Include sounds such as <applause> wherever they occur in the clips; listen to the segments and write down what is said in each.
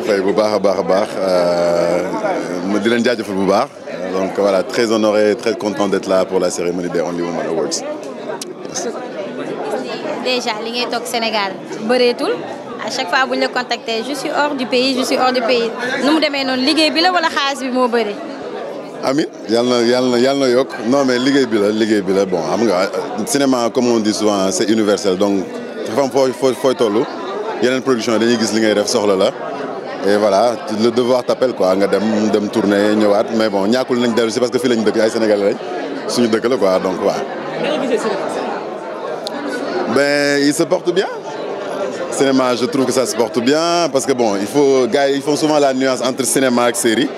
leen bu baax a baax a baax euh, di leen jaajëfal bu baax donc voilà très honoré très content d'être là pour la cérémonie des Only Women Awards. déjà li ngay toog Sénégal bëreetul à chaque fois bu ñu la contacter je hors du pays je hors du pays nu mu demee noonu liggéey bi wala xaalis bi moo bëri. amin yàlla na yàlla na yokk no mais liggéey bi la liggéey bi la bon xam nga euh, cinéma comme on dit souvent c'est universel donc dafa am fooy fooy toll yeneen production dañuy gis li ngay def soxla la e voilà le devoir t'appelle quoi nga dem dem tourner ñëwaat mais bon ñàkkul nañ dellu si parce que fii lañ dëkk ay Sénégalais lañ suñu dëkk la quoi donc waaw. ben il se porte bien. cinéma je trouve que ça se porte bien parce que bon il faut gars yi ils font souvent la nuance entre cinéma ak série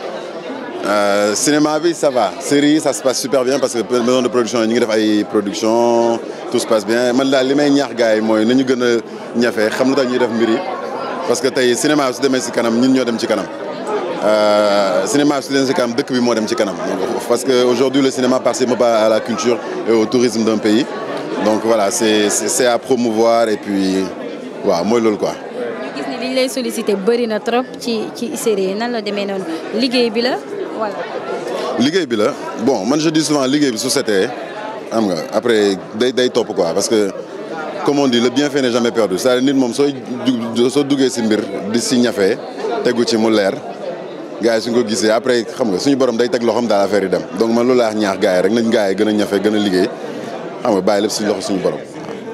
euh, cinéma bi ça va série ça se passe super bien parce que maison de production yi ñu def ay production tout se passe bien man daal li may ñaax gars yi mooy nañu gën a ñafe xam lu tax def mbir yi parce que tey cinéma su demee si kanam ñun ñoo dem ci kanam euh, cinéma su demee si kanam dëkk bi moo dem ci kanam parce que aujourd'hui le cinéma participe pas à la culture et au tourisme d'un pays donc voilà c'est c'est à promouvoir et puis waaw mooy loolu quoi. ñu bëri na trop ci ci série yi nan la demee liggéey bi la voilà. bi la bon man je dis souvent liggéey bi su setee xam nga après day day topp quoi parce que. comme on dit le bienfait jamais perdu cest à nit moom sooy soo duggee si mbir di si ñafee tegu ci mu leer gars yi suñ ko gisee après xam nga suñu borom day teg loxoom daal affaire yi dem donc man loolu laa ñaax gars yi rek nañ gars yi gën a ñafe gën a liggéey xam nga bàyyi lépp si loxo suñu borom.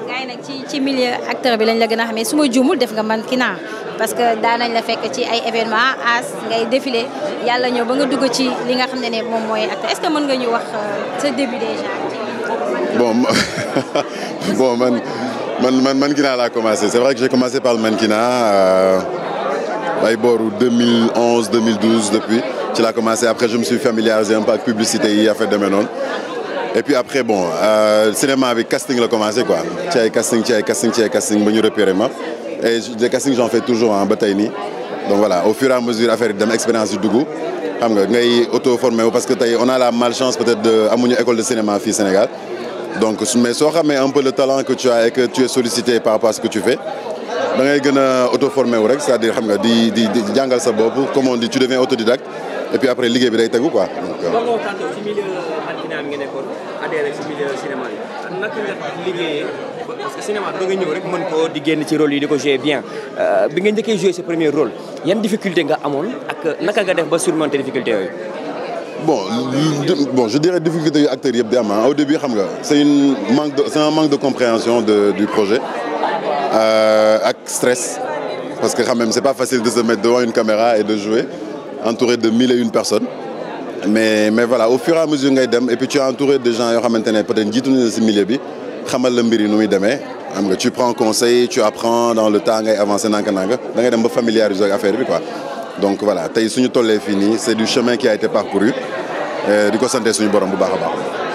gars yi nag ci ci acteur bi lañ la gën xamee su ma juumul def nga mannequinat parce que daan la fekk ci ay événement as ngay défilé yàlla ñëw ba nga dugg <laughs> man man mannequinat laa commencé c'est vrai que j'ai commencé par le mannequinat euh, ay booru 2011 2012 depuis ci laa commencé après je me suis familiarisé un peu ak publicité yi affaire demee noonu et puis après bon euh, cinéma bi casting la commencé quoi ci ay casting ci casting casting ba ñu repéré ma et des castings j'en fais toujours ah ba tey nii donc voilà au fur et à mesure affaire yi dem expérience yu dugg xam nga ngay auto formé wu parce que tey on a la malchance peut-être de amuñu école de cinéma donc mais soo xamee un peu le talent que tu as que tu es sollicité par rapport à que tu fais da ngay gën a auto-formé wu rek cest dire xam nga di di di jàngal sa bopp comme on dit tu deviens autodidacte et puis après liggéey bi day tegu quoi. donc euh. parce que cinéma da nga ñëw rek mën ko di génn ci rôle yi di ko jouer bien euh, bi nga njëkkee jouer sa premier rôle yan difficulté nga amoon naka nga def ba surmonter difficulté yooyu. bon bon je dirais difficulté yu acteurs yëpp ah, au début xam nga c'est une de c'est un manque de compréhension de du projet euh, ak stress parce que c'est pas facile de se mettre devant une caméra et de jouer entouré de mille et une personnes mais voilà au fur à mesure ngay dem et puis tu es entouré de gens yoo xamante ne peut-être jiitu nañu si milieu bi xamal la mbir yi nu muy demee xam nga tu prends conseil tu apprends dans le temps ngay avancer nanka-nanka ngay dem ba familiariser ak affaire bi tey suñu tollee fii nii c'est du chemin Eh, di ko sante suñu borom bu baax a baax.